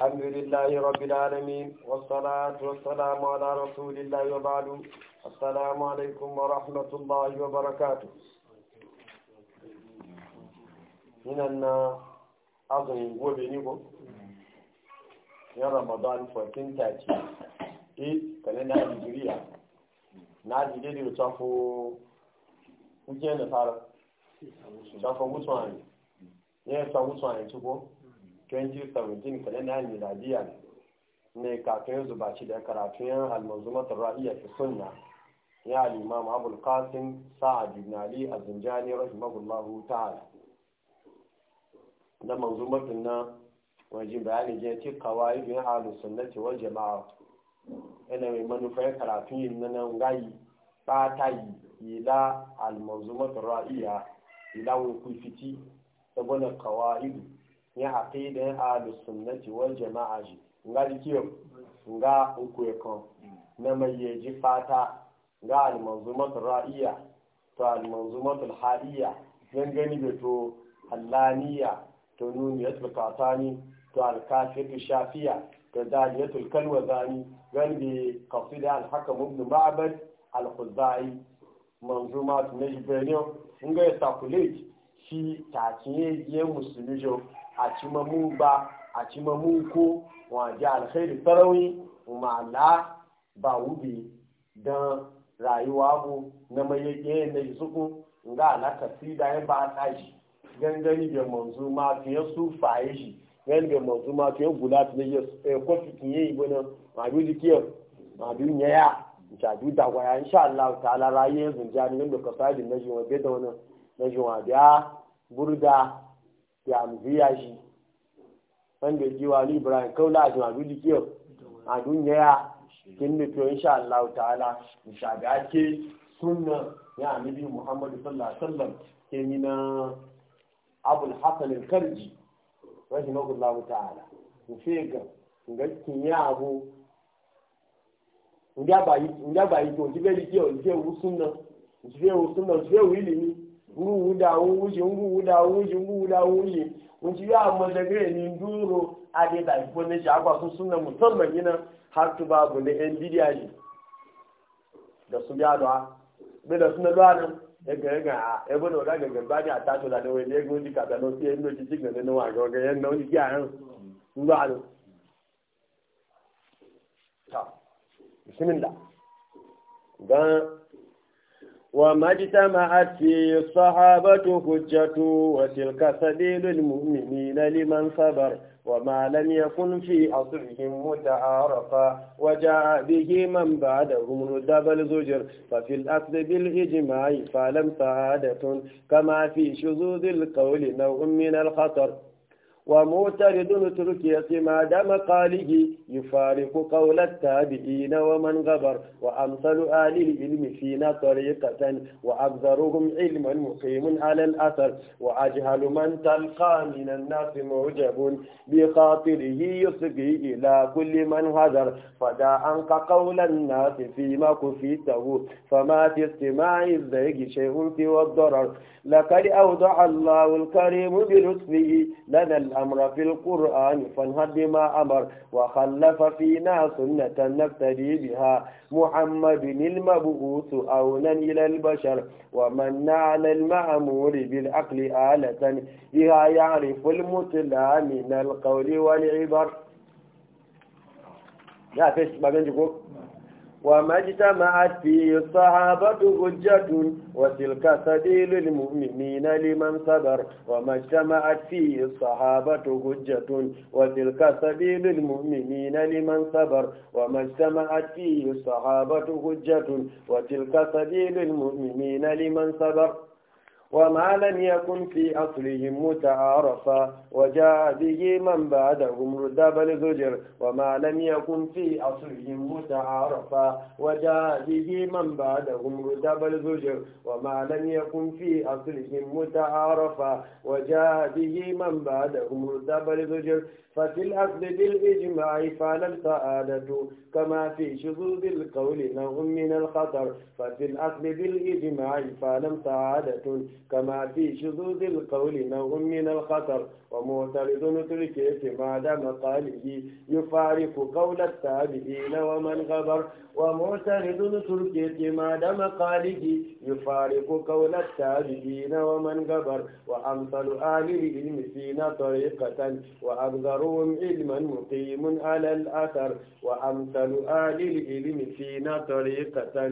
الحمد لله رب العالمين والصلاة والسلام على رسول الله وبعد السلام عليكم ورحمة الله وبركاته من أن أظن وبنيكم يا رمضان فاتن تاتي إيه كان أنا أجريها نادي دي دي تشافو وجينا صار تشافو مصواني يا تشافو مصواني تشوفو 2017 kalendar miladiya ne kafin shi da karatun almanzumatar ra'iya fi sunna ya al'imam abul qasim sa'ad ibn ali az-zinjani rahimahullahu ta'ala da manzumatin nan wajen bayani je ci kawai bin ahlus sunnati wal jama'a ina mai ya karatun yin nan gayi ta yi ila almanzumatar ra'iya ila wani kufiti da gwanar kawai Ni ya haƙiɗin sunnati wal jama'a ji nga jikiyo nga mm. na mai ji fata ga manzumat ra'iya to almanzumatul hadiya gani be to allaniya to nuniyatul qatani to alkafiyatu shafiya to daliyatul kalwazani gandi qasida alhakam ibn ma'bad khuzai manzumat najbaniyo nga sakulet shi takiye ye jo a ci mamu ba a ci mamu ko wa ji alkhairi sarauni ma la ba wubi don rayuwa bu na mai yake na yi suku ga alaka si da ya ba ta shi gangani da manzu ma ya su faye shi gangani da manzu ma fiye gula eh, fiye ya kwafi kinye yi gwanin ma biyu jikiyar ma biyu nyaya jaju da waya insha Allah ta'ala rayi zunjani wanda ka sai na wa be da wannan na wa biya burda ya biya shi wanda ya jiwa ni ibrahim kaula a jima duk kiyo a duniya ya kin da to insha Allah ta'ala insha da ake sunna ya annabi Muhammad sallallahu alaihi wasallam ke ni na Abul Hasan al-Karji rahimahullah ta'ala ku fega ga kin ya abu nda bayi nda bayi to jibe kiyo jibe sunna jibe sunna jibe wili ni nguwuda wuji nguwuda wuji nguwuda wuji wuji ya amma da gare ni duro a dai da ifo ne shi akwa sun sunna musamman yana har tu babu bidiya da su ya da be da sunna e e e da ga ga a e bo da ga ga bani a tato da wai ne goji ka da no sai no ji no wa ga no ji ya han ta bismillah وما اجتمعت فيه الصحابة حجة وتلك سبيل المؤمنين لمن صبر وما لم يكن في أصلهم متعارفا وجاء به من بعدهم ندب الزجر ففي الأصل بالإجماع فلم سعادة كما في شذوذ القول نوع من الخطر ومعترض تركية ما دام قاله يفارق قول التابعين ومن غبر وأمثل آل العلم فينا طريقة وأكثرهم علما مقيم على الأثر وأجهل من تلقى من الناس معجب بخاطره يصغي إلى كل من هذر فدا أنق قول الناس فيما كفيته فما في استماع الزيج شيء سوى الضرر لقد أوضع الله الكريم بلطفه لنا الأمر في القرآن فانهد ما أمر وخلف فينا سنة نقتدي بها محمد المبعوث أولا إلى البشر ومن على المأمور بالعقل آلة بها يعرف المتلى من القول والعبر لا فيش ما بينجكم وما اجتمعت فيه الصحابة حجة وتلك سبيل المؤمنين لمن صبر وما اجتمعت فيه الصحابة حجة وتلك سبيل المؤمنين لمن صبر وما اجتمعت فيه الصحابة حجة وتلك سبيل المؤمنين لمن صبر وما لم يكن في أصلهم متعارفا وجاء به من بعدهم رداب الزجر وما لم يكن في أصلهم متعارفا وجاء به من بعدهم رداب الزجر وما لم يكن في أصلهم متعارفا وجاء به من بعدهم رداب الزجر ففي الأصل بالإجماع فعل السعادة كما في شذوذ القول نوع من الخطر ففي الأصل بالإجماع فعل سعادة كما في شذوذ القول نوع من الخطر ومعترض تركه ما دام قاله يفارق قول التابعين ومن غبر ومعترض تركه ما دام قاله يفارق قول التابعين ومن غبر وأمثل أهل العلم فينا طريقة وأبذرهم علما مقيم على الأثر وأمثل أهل العلم فينا طريقة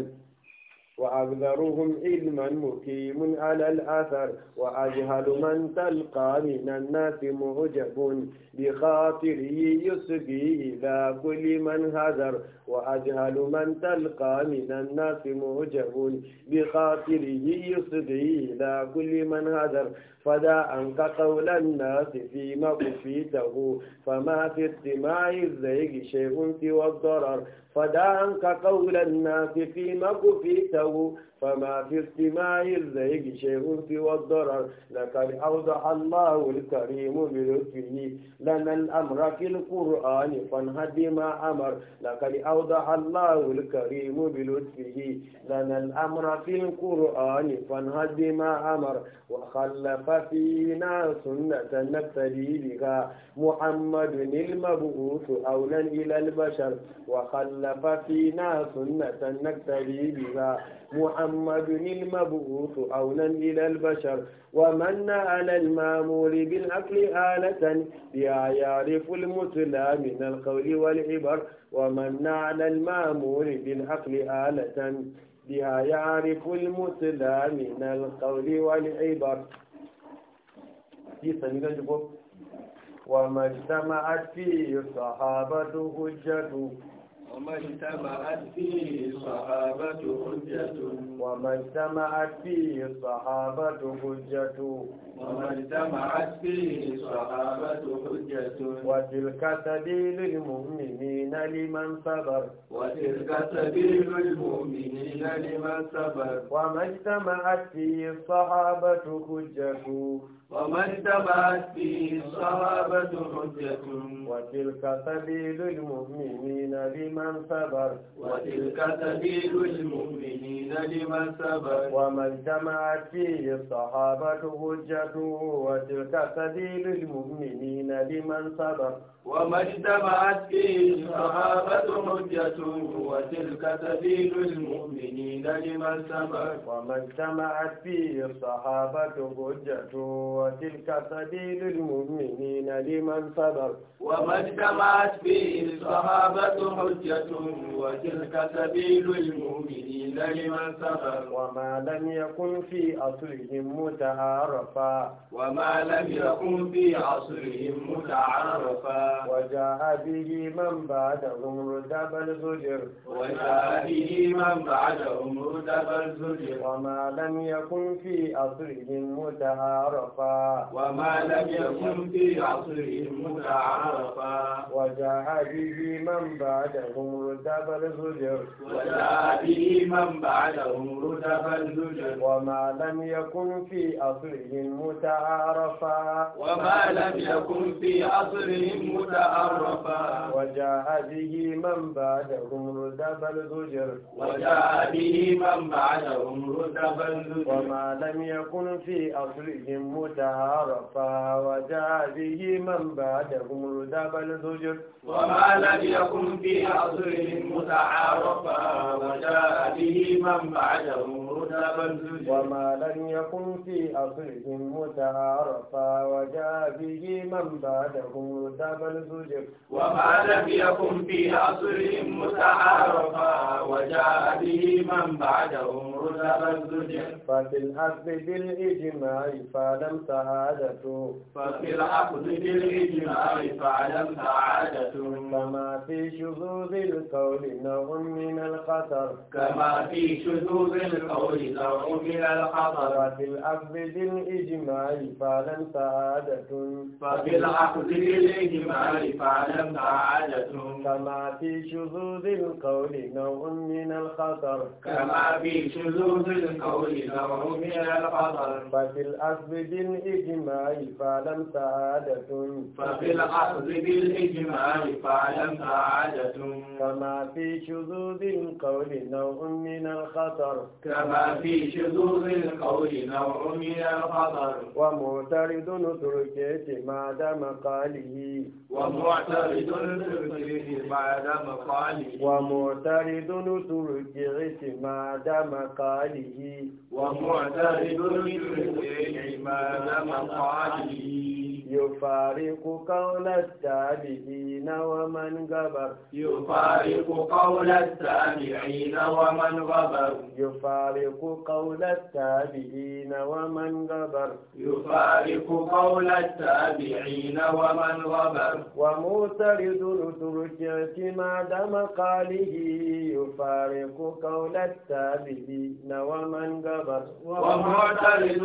وأكثرهم علما مقيم على الأثر وأجهل من تلقى من الناس معجب بخاطره يسقي إلى كل من هذر وأجهل من تلقى من الناس معجب بخاطره يسقي إلى كل من هذر فدا أنك قول الناس فيما كفيته فما في استماع الزيغ شيء سوى الضرر فدع عنك قول الناس فيما كفيته فما في استماع الزيج شيء في والضرر لقد أوضح الله الكريم بلطفه لنا الأمر في القرآن فانهد ما أمر لقد أوضح الله الكريم بلطفه لنا الأمر في القرآن فانهد ما أمر وخلف فينا سنة نقتدي بها محمد المبعوث أولا إلى البشر وخلف فينا سنة نقتدي بها محمد المبعوث عونا إلى البشر ومن على المامور بالعقل آلة بها يعرف المثلى من القول والعبر ومن على المامور بالعقل آلة بها يعرف المثلى من القول والعبر وما اجتمعت فيه الصحابة حجته وما اجتمعت فيه الصحابة حجة وما اجتمعت فيه الصحابة حجة حجة وتلك سبيل المؤمنين لمن صبر وتلك سبيل المؤمنين لمن صبر وما اجتمعت فيه الصحابة حجة وما اجتمعت فيه الصحابة حجة وتلك سبيل المؤمنين لمن لمن صبر وتلك سبيل المؤمنين لمن صبر وما اجتمعت فيه الصحابة حجته وتلك سبيل المؤمنين لمن صبر وما اجتمعت فيه الصحابة حجته وتلك سبيل المؤمنين لمن صبر وما اجتمعت فيه الصحابة حجته وتلك سبيل المؤمنين لمن صبر وما اجتمعت فيه الصحابة حجته حجة وتلك سبيل المؤمنين لمن سبق وما لم يكن في عصرهم متعارفا وما لم يكن في عصرهم متعارفا وجاء به من بعدهم رتب الزجر وجاء به من بعدهم رتب الزجر وما لم يكن في عصرهم متعارفا وما لم يكن في عصرهم متعارفا وجاء به من بعدهم بعدهم رتب الزجر وجاء به من بعدهم رتب الزجر وما لم يكن في أصلهم متعارفا وما لم يكن في أصلهم متعارفا وجاء به من بعدهم رتب الزجر وجاء به من بعدهم رتب الزجر وما لم يكن في أصلهم متعارفا وجاء به من بعدهم رتب الزجر وما لم يكن في متعارفا وجاء به من بعده وما لم يكن في أصلهم متعارفا وجاء به من بعده دبل زجر وما لم يكن في أصلهم متعارفا وجاء به من بعده رتب زجر ففي الأخذ بالإجماع فلم سعادته ففي الأخذ بالإجماع فلم سعادته كما في شذوذ القول نوع من الخطر كما في شذوذ القول نوع من الخطر وفي الأخذ بالإجماع فعلا سعادة ففي الأخذ بالإجماع فعلا سعادة كما في شذوذ القول نوع من الخطر كما في شذوذ القول نوع من الخطر ففي الأخذ بالإجماع فعلا سعادة ففي الأخذ بالإجماع فعلا سعادة كما في شذوذ القول نوع من الخطر كما في شذوذ القول نوع من الخطر ومعترض ترك اعتماد مقاله ومعترض ترك بعد مقاله ومعترض ترك اعتماد مقاله ومعترض ترك اعتماد مقاله يفارق قول التابعين ومن غبر يفارق قول التابعين ومن غبر يفارق قول التابعين ومن غبر يفارق قول التابعين ومن غبر ومعترض ما دام قاله يفارق قول التابعين ومن غبر ومعترض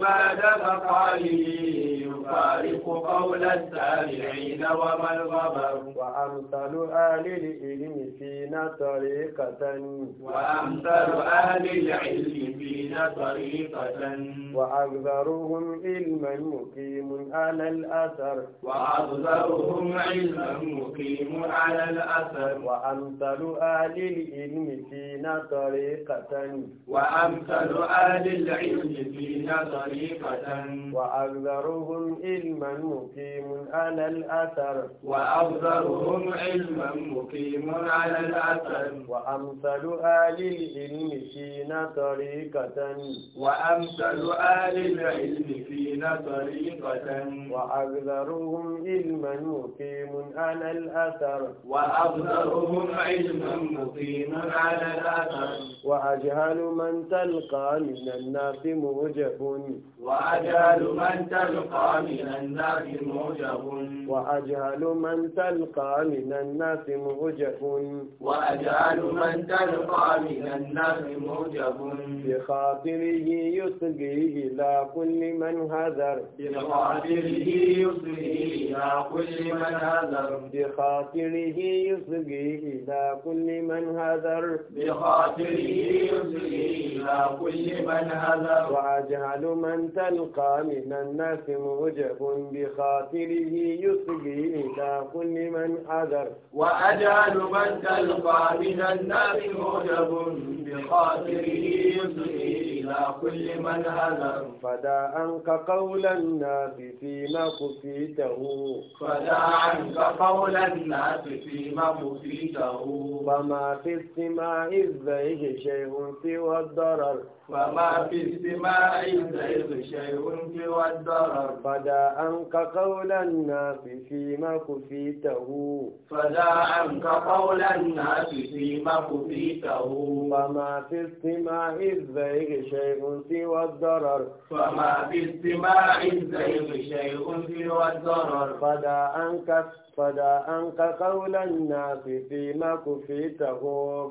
ما دام قاله يفارق قول السامعين وما الغبر وأمثل أهل العلم فينا طريقة وأمثل أهل العلم فينا طريقة وأكثرهم علما مقيم على الأثر وأكثرهم علما مقيم على الأثر وأمثل أهل العلم فينا طريقة وأمثل أهل العلم فينا طريقة وأكثر وأكثرهم علما مقيم على الأثر وأكثرهم علما مقيم على الأثر وأمثل آل العلم فينا طريقة وأمثل آل العلم فينا طريقة وأكثرهم علما مقيم على الأثر وأكثرهم علما مقيم على الأثر وأجهل من تلقى من الناس موجب وأجهل من تلقى تلقى من الناس موجه وأجهل من تلقى من الناس موجه وأجهل من تلقى من الناس موجه بخاطره يسقي إلى كل من هذر بخاطره يسقي إلى كل من هذر بخاطره يسقي إلى كل من هذر بخاطره يسقي إلى كل من هذر وأجهل من تلقى من الناس الناس معجب بخاطره يصغي إلى كل من حذر وأجعل من تلقى من النار معجب بخاطره يصغي إلى كل من فدا عنك قول الناس فيما كفيته فدا عنك قول الناس فيما كفيته فما في السماء الزيغ شيء سوى الضرر فما في السماء الزيغ شيء سوى الضرر فدا أنك قول الناس فيما كفيته فدا أنك قول الناس فيما كفيته فما في استماع الزيغ شيء سوى الضرر فما في استماع الزيغ شيء سوى الضرر فدا أنك فدا أنك قول الناس فيما كفيته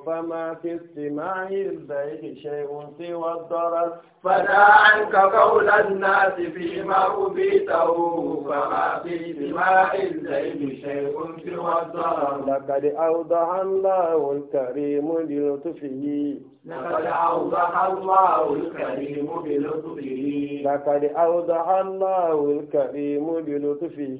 فما في استماع البيت شيء سوى الضرر فدا أنك قول الناس فيما كفيته فما في استماع البيت شيء سوى الضرر لقد أوضح الله الكريم بلطفه لقد أوضح الله الكريم بلطفه لقد أوضح الله الكريم بلطفه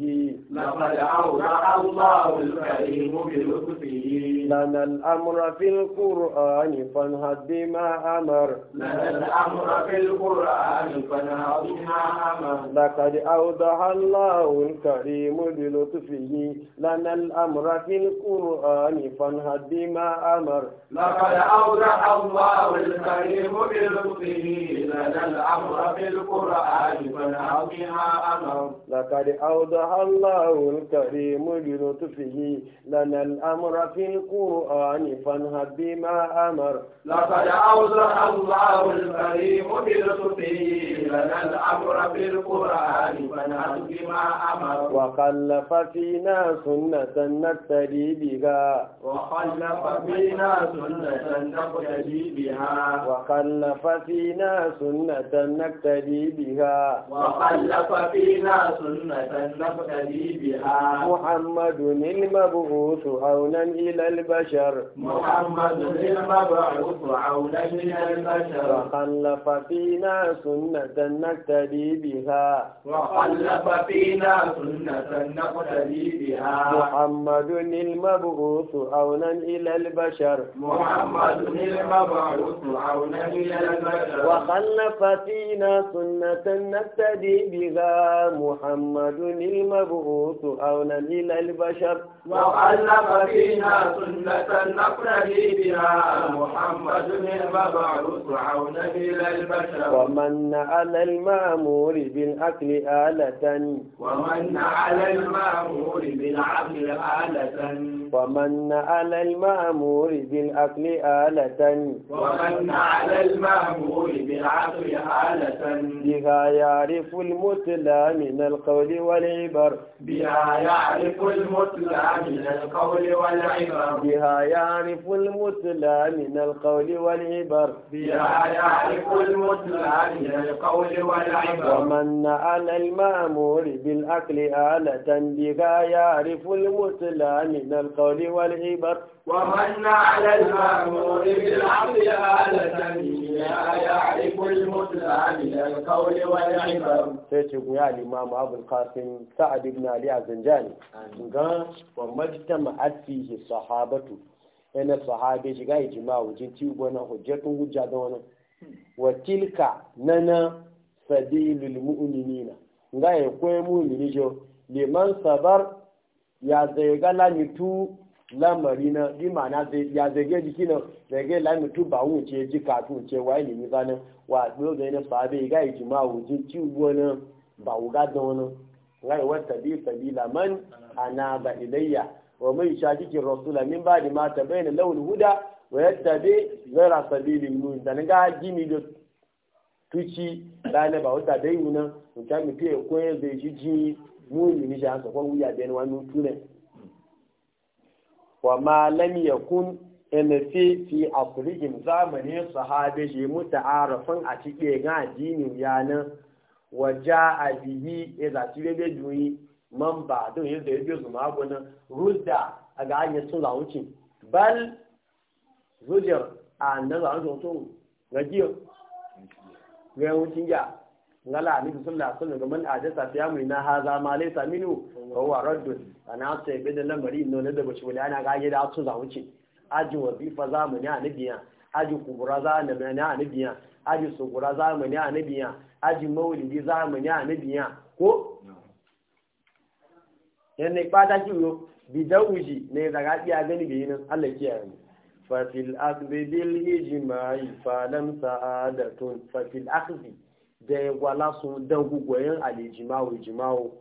لقد أوضح الله الكريم بلطفه لنا الأمر في القرآن فانهض بما أمر لنا الأمر في القرآن فانهض بما أمر لقد أوضح الله الكريم بلطفه لنا الأمر في القرآن فانهض بما أمر لقد أوضح الله الكريم بلطفه لنا الأمر في القرآن فانهض بما أمر لقد أوضح الله الكريم مولد طفله لنا الأمر في القرآن فانهب بما أمر لقد أوزع الله الكريم بلطفه لنا الأمر في القرآن فانهب بما أمر وخلف فينا سنة نقتدي بها وخلف فينا سنة نقتدي بها وخلف فينا سنة نقتدي بها وخلف فينا سنة نقتدي بها محمد المبعوث عونا إلى البشر محمد المبعوث عونا إلى البشر وخلف فينا سنة نقتدي بها وخلف فينا سنة نقتدي بها محمد المبعوث عونا إلى البشر محمد المبعوث عونا إلى البشر وخلف فينا سنة نقتدي بها محمد المبعوث عونا إلى فينا البشر وخلق فينا سنة نقتدي بها محمد المبعوث عونا إلى البشر ومن على المأمور بالأكل آلة ومن على المأمور بالعقل آلة ومن على المأمور بالأكل آلة ومن على المأمور بالعقل آلة بها يعرف المثلى من القول والعبر بها يعرف بها يعرف المثلى من القول والعبر بها يعرف المثلى من القول والعبر ومن على المأمور بالأكل آلة بها يعرف المثلى من القول والعبر ومن على المأمور بالعقل آلة لا يعرف المتلى من القول والعبر سيتشك يا الإمام أبو القاسم سعد بن علي الزنجاني قال وما فيه الصحابة أن الصحابة جاء إجماع وجنتي وأنا حجة وجد وأنا وتلك ننا سبيل المؤمنين قال يقوي مؤمنين جو لمن صبر يا زيغالا نتو lamari na bi ma'ana ya zage jiki na zage lami tu ba wuce ji kafin ce wa ilimi zanen wa ɗo ga yana sabe ga yi jima wuce ci na ba wuga da wani ngai wata bi sabila man ana ba ilayya wa mai shakikin rasula min ba di mata bai na launi huda wa yadda tabi zaira sabili nuni da ga gini da tuci rana ba wata bai wuna mutum mutum ya koyar da shi ji muni ni shi haka kwan wuya da wani mutu ne wa ma lam yakun ina fi fi asrihim zamanin sahabe shi muta'arafin a cike ga addinin yanan wa ja'a bihi idza tilebe duyi man ba don yadda ya biyo zuma gona rudda a ga hanyar sun zawuci bal zujar a nan zawuci mutum ga jiya ga yawancin ya ngala ni sallallahu alaihi wasallam man ajasa fi amri na haza ma laysa minhu fa huwa radd ana sai bi da lamari no ne da bashi wala ana ga da su za wuce aji wazifa zamani anabiya aji kubura zamani anabiya aji sugura zamani anabiya aji maulidi zamani anabiya ko yan ne kwata kiwo bidawuji ne daga iya gani bi nan Allah kiyaye ya fa fil akhdi bil hijma fa lam sa'adatun fa fil akhdi da ya gwala sun dan gugwayen alijimawo jimawo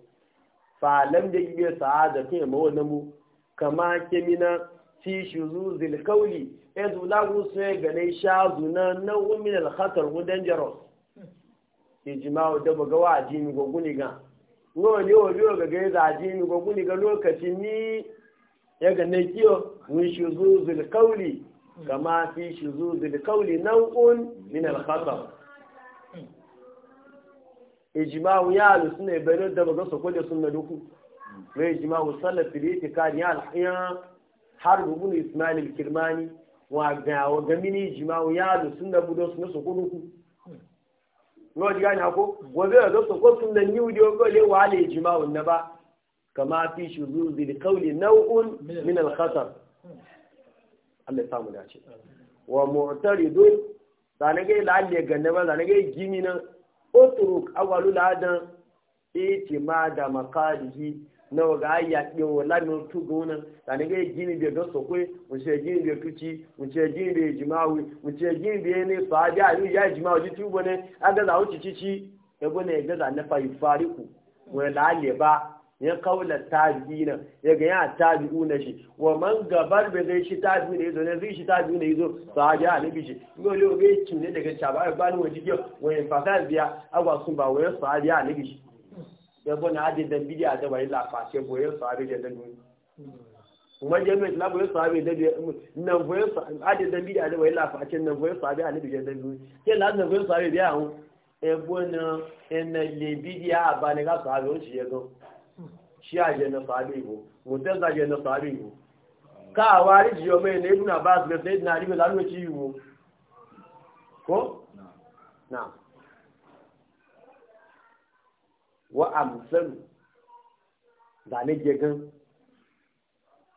lam da ibe sa'ada kan yamma wannan mu kama kemina fi shuzu zil kauli ya e zula gusu ya gane sha zuna na umin alhatar wudan jaros jimawo da baga wa ajini gwaguni ga wani wani wani ga gaiza ajini gwaguni ga lokaci ni ya gane kiyo mun shuzu zil kauli kama fi shuzu zil kauli nau'un min alhatar ijma'u ya suna ibadar da ba ga sako da sunna duku mai ijma'u da yake itikad ya alhiya har rubun ismail kirmani wa ga wa ga mini ijma'u ya alusuna budo sunna sako ku no diga gani ako wa ga ga sako sunna ni wudi ko le wa le ijma'u na ba kama fi shuzuzi li qawli naw'un min al-khatar Allah ya samu dace wa mu'taridun zanagai lalle ganna ba zanagai gimi nan oturuk awalu ladan iti ma da makalihi na waga ya ke wala ga gini be do sokwe se gini be tuci mu se gini be jimawi mu se gini be ne fa ya jimawi ji tubo ne aga za uci cici e na fa yufariku le ya kaula tabi'ina ya ga ya tabi'u na shi wa man gabar bai zai shi tabi'u ne yazo ne zai shi tabi'u ne yazo sahabi a nabi shi ngo le o oge kin ne daga chaba ai bani waji ke wa in fasal biya agwa sun ba wayo sahabi a nabi shi ya bona ade dan bidiya da bai la fashe boye sahabi da dan duni kuma je mai la boye sahabi da nan boye ade dan bidiya da bai la fashe nan boye sahabi a nabi da dan duni ke la nan boye sahabi biya hu e bona en le bidiya ba ne ga sahabi o shi ya go shia je na sabibu mutazila je na sabibu ka wari jiyo mai na ibn abbas da sayyidina ali da alwaci yiwo ko na wa amsal da ne je gan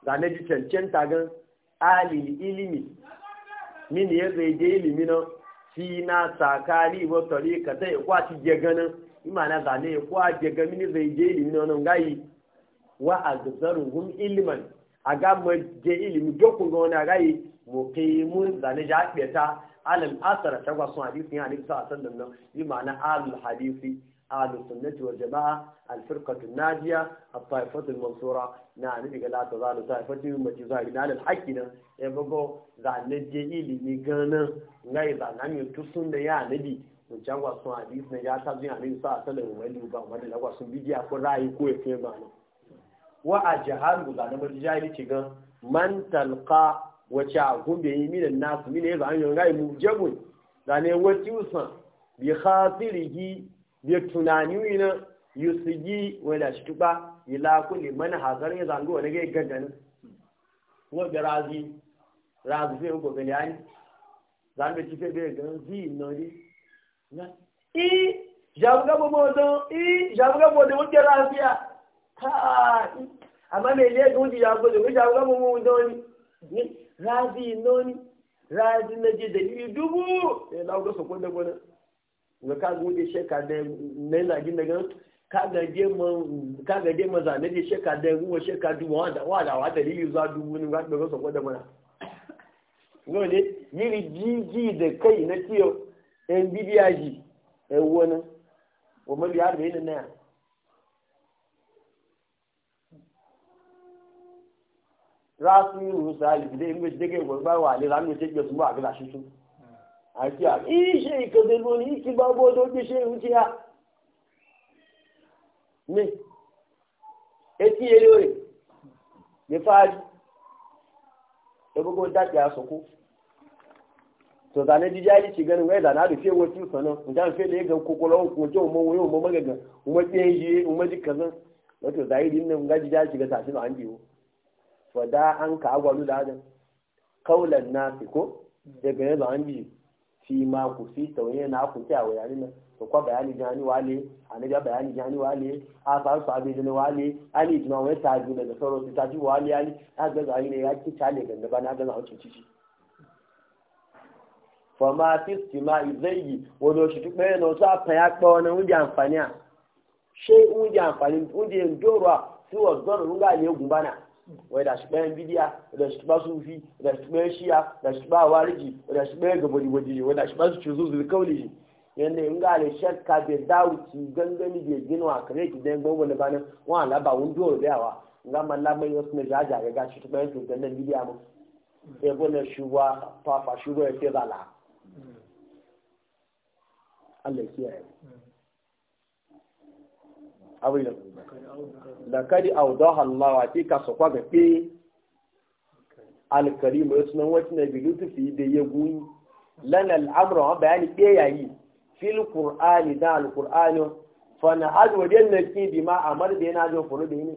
da ne ji cancanta gan ilimi min ya zai je ilimi na na wa azaruhum ilman aga je ilimi dokun ga wani agayi muqimun zane ja beta alal asara ta gwasun hadisi ya alisa a sallan nan yi ma'ana alul hadisi alul sunnati wa jama'a al firqatu najiya al taifatu al mansura na ni daga la ta zalu yi yumma ji zai na alal haqqi nan e bago zane je ilimi gana ngai zana mi tusun da ya nabi mun ja sun hadisi ne ya ta zuwa alisa a sallan wani ba wani lagwasun bidiya ko ra'ayi ko ya fiye ba nan wa a jahalu ga na maji jahili ga man talqa wace a gumbe yi minan nasu mina ya zan yanga mu jabun da ne wati usan bi khatirihi bi tunani wina yusigi wala shi tuba ila kulli man hazar ya zango wani ga gangan ko da razi razi sai ko gani ani zan be ci fe be gan zi no di na i jabuga bomo don i jabuga bomo don ke raziya amma mai ne ga wuce jago da wuce jago mu da wani razi noni razi na je dalili dubu ya lauga su kwanda gwada ga ka gode sheka da na yana gina gan ka ga dai maza na je sheka da ruwa sheka dubu wada wada wa dalili zuwa dubu ne ga ɗaga su kwanda gwada yau ne yiri jiji da kai na ciyo yan bidiyaji yan wani wa mabiya da yi na yana rasu yi rusa libide in gaji dage gwagba wa ne ranar ce gbe sun ba a gila shi su a kiya ishe ka zai loni iki ba bo to bi she wuce ya ne eti yele ore ne fari ebogo dati a soko to zane di jari ci ganin wai zana da fewa fi sana nda fe da yagan kokolo ko je mo wo mo magaga mo je yi mo ji kazan wato zahiri nan ga di jari ci ga tashi an biyo wada an ka agwalu da adam kaulan nasi ko daga yanzu an bi fi ma ku fi tauye na ku ta a yarin nan to kwa bayani jani wale na bayani jani wale a faru sabi jani wale ali jima wani ta da daga sauro ta ji wale ali a ga zai ne ya ki tale ganda ba na ga zan cikin ciki fa ma zai yi wani wasu shi duk bayan wasu a faya kpa wani wuje amfani a shi wuje amfani wuje ndoro a siwa zoro nga ne gumbana wai da shi bayan bidiya da shi ba sufi da shi bayan shiya da shi ba waliji da shi bayan gabani waje wai da shi ba su cuzu su kauli ne yanda in ga le shakka da dawuci gangani da ginwa kare ki dan gogo da banan wa la ba wun dole da yawa ga malla mai wasu na jaja ga gashi to bayan tugan nan bidiya mu sai gona shuwa papa shuwa ya ce zala mm. Allah ya kiyaye mm. abin lakari audaha Allah wa fi ka sokwa ga pe alkarimu ya sunan wacce na bi fi da ya guyi lana al'amura wa bayani ɗaya yayi fil qur'ani da alqur'ani fa na hadu wa dan naki bi ma amar da yana jin furu da ne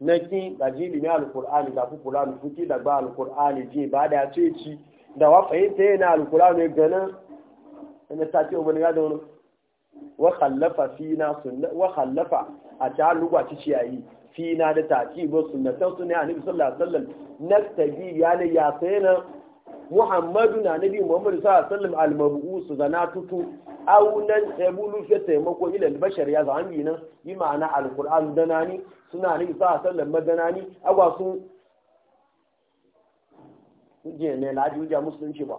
naki da ji bi alqur'ani da ku qur'ani ku ki da ba alqur'ani ji ba da ce ci da wa fahimta yana alqur'ani ganin ina ta ce ubani ga da wa khallafa fina sunna a ta lugwa ci ciyayi fina da taqibu sunnatan sunna annabi sallallahu alaihi wasallam naktabi ya ne ya sayna muhammadu na nabi muhammadu sallallahu alaihi wasallam al-mabu'us zana tutu aw nan tabulu fi taimako ila al-bashar ya zan bi nan bi ma'ana al-qur'an danani suna nabi sallallahu alaihi wasallam madanani agwa sun je ne laji uja musulunci ba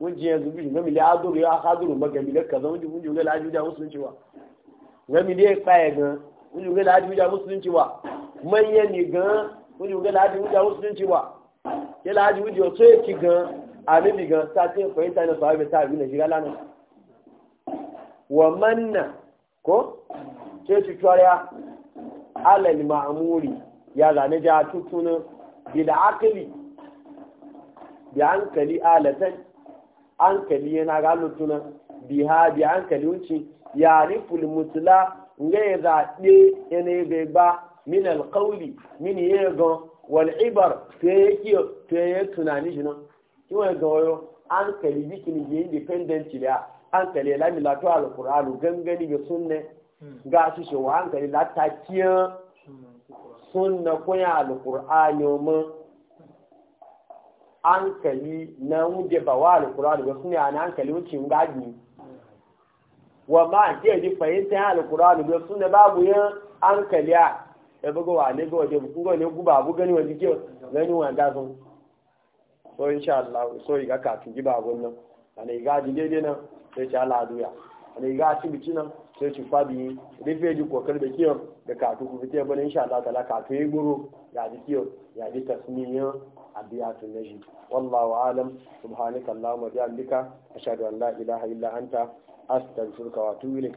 mun ji yanzu bishin gami da azuru ya hazuru magami da kaza mun ji mun juge da musulunci wa gami da ya ga mun juge laju da musulunci wa manya ne ga mun juge laju da musulunci wa ya laju da so ya ki ga alibi ga ta ce fahimta na sahabi ta abin da shiga lana wa manna ko ce ci tsariya alal ma'amuri ya zane ja tutunan bil aqli bi hankali alatan hankali yana ga lutuna biha bi ankali wuce ya riful mutula nga ya zaɓe yana bai ba min alƙauli min ya wal ibar ta ya tunani shi nan kiwa ya ga wayo hankali yi ya da ankali la mi lato gangani ga sunne hmm. ga su shi wa ankali la hmm. sunna ko ya alqur'ani mu hankali na wuje ba wa alkur'ani ba suna na hankali wuce gaji wa ma ke ji fahimta alkur'ani ba suna babu yin hankali a ya buga wa ne ga waje kun ne guba abu gani gani wa gazon so sha Allah so iga kafin ji abun nan ana iga ji daidai nan sai ci ala duya ana iga ci nan sai ci fabi rufe ji kokar da kiyon da kafin ku bane Allah kafin ya ji ya ji tasmiyan abiyatu na shi wallahu alam subhanaka allahumma bihamdika ashhadu an la ilaha illa anta astaghfiruka wa atubu ilayk